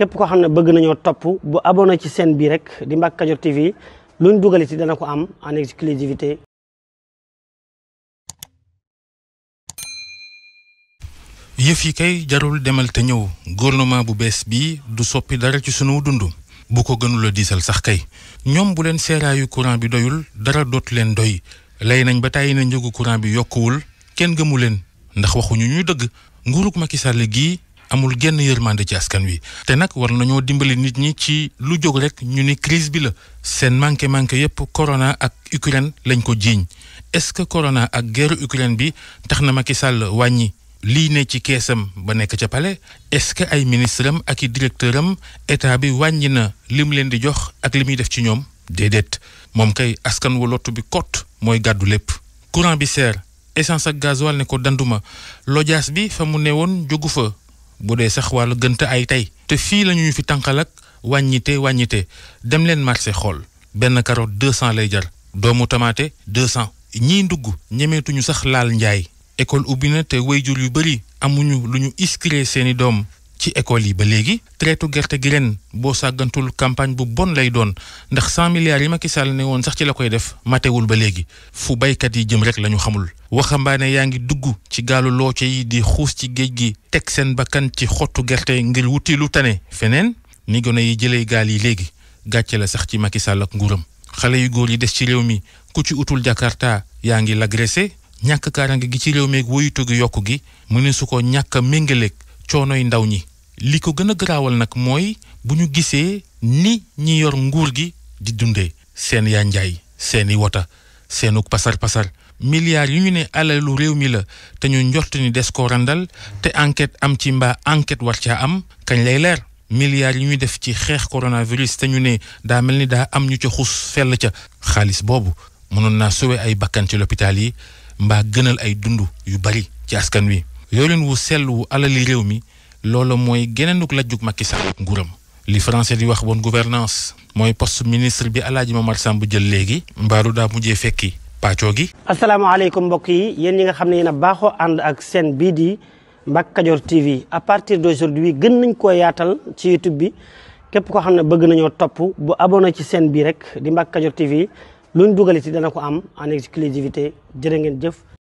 képp koo xam ne bëgg nañoo topp bu abonné ci seen bii rek di Mbacke Kadior TV luñ dugal ci dana ko am en exclusivité yëf yi kay jarul demal te ñëw gouvernement bu bees bii du soppi dara ci sunu dund bu ko gënul a diisal sax kay ñoom bu leen seeraayu courant bi doyul dara dootu leen doy lay nañ ba tàyyi na njëgu courant bi yokkuwul kenn gëmu leen ndax waxuñu ñuy dëgg nguurug Macky Sall gii amul genn yërmande ci askan wi te nag war nañoo dimbali nit ñi ci lu jóg rek ñu ni crise bi la seen manqué manqué yépp corona ak Ukraine lañ ko jiiñ est-ce que corona ak guerre Ukraine bi tax na Macky Sall wàññi lii ne ci keesam ba nekk ca pale est-ce que ay ministre am ak i directeur am état bi wàññi na li mu leen di jox ak li muy def ci ñoom déedéet moom kay askan wu lottu bi kott mooy gàddu lépp courant bi seer essence ak gasoil ne ko danduma lojaas bi fa mu ne woon jógu fa bu dee sax wàllu gënt ay tey te fii lañuy fi tànqal ak wàññite wàññite dem leen marché xool benn carotte deux cent lay jar doomu tamaate deux cent ñii ndugg ñemeetuñu sax laal njaay école ubbi na te wayjur yu bëri amuñu lu ñu inscrire seeni doom ci école yi ba léegi traité gerte gi ren boo sàggantul campagne bu bon lay doon ndax cent milliards yi Macky Sall ne woon sax ci la koy def matewul ba léegi fu baykat yi jëm rek lañu xamul waxambaane yaa ngi dugg ci gaalu looce yi di xuus ci géej gi teg seen bakkan ci xottu gerte ngir wuti lu tane feneen ni gone yi jëlee gaal yi léegi gàcce la sax ci Macky Sall ak nguuram xale yu góor yi des ci réew mi ku ci utul Jakarta yaa ngi l'agressé ñàkk kaaraange gi ci réew meeg woyutu gi yokku gi mu ne su ko ñàkk a méngaleeg coonoy ndaw ñi li ko gën a garaawal nag mooy bu ñu gisee ni ñi yor nguur gi di dundee seen yaa njaay seeni wota seenu pasar pasar milliards yu ñu ne alalu réew mi la te ñu njort ni des ko randal te enquête am ci mbaa enquête war caa am kañ lay leer milliards yu ñu def ci xeex coronavirus te ñu ne daa mel ni daa am ñu ca xus fell ca xaalis boobu mënoon naa sauver ay bakkan ci l'hôpital yi mbaa gënal ay dund yu bari ci askan wi yorin wu sell wu alali réew mi loolu mooy geneenuk la jug Macky Sall ak nguuram li français di wax bonne gouvernance mooy post ministre bi Alaaji Momar Samb jël léegi mbaaru daa mujjee fekki pàccoo gi asalaamaaleykum mbokk yi yéen ñi nga xam ne yéen a baaxoo ànd ak seen bii di Mbacke Kadior TV à partir d'aujourd'hui gën nañ ko yaatal ci YouTube bi képp koo xam ne bëgg nañoo topp bu abonné ci seen bii rek di Mbacke Kadior TV luñ dugaliti dana ko am en exclusivité jërë ngeen jëf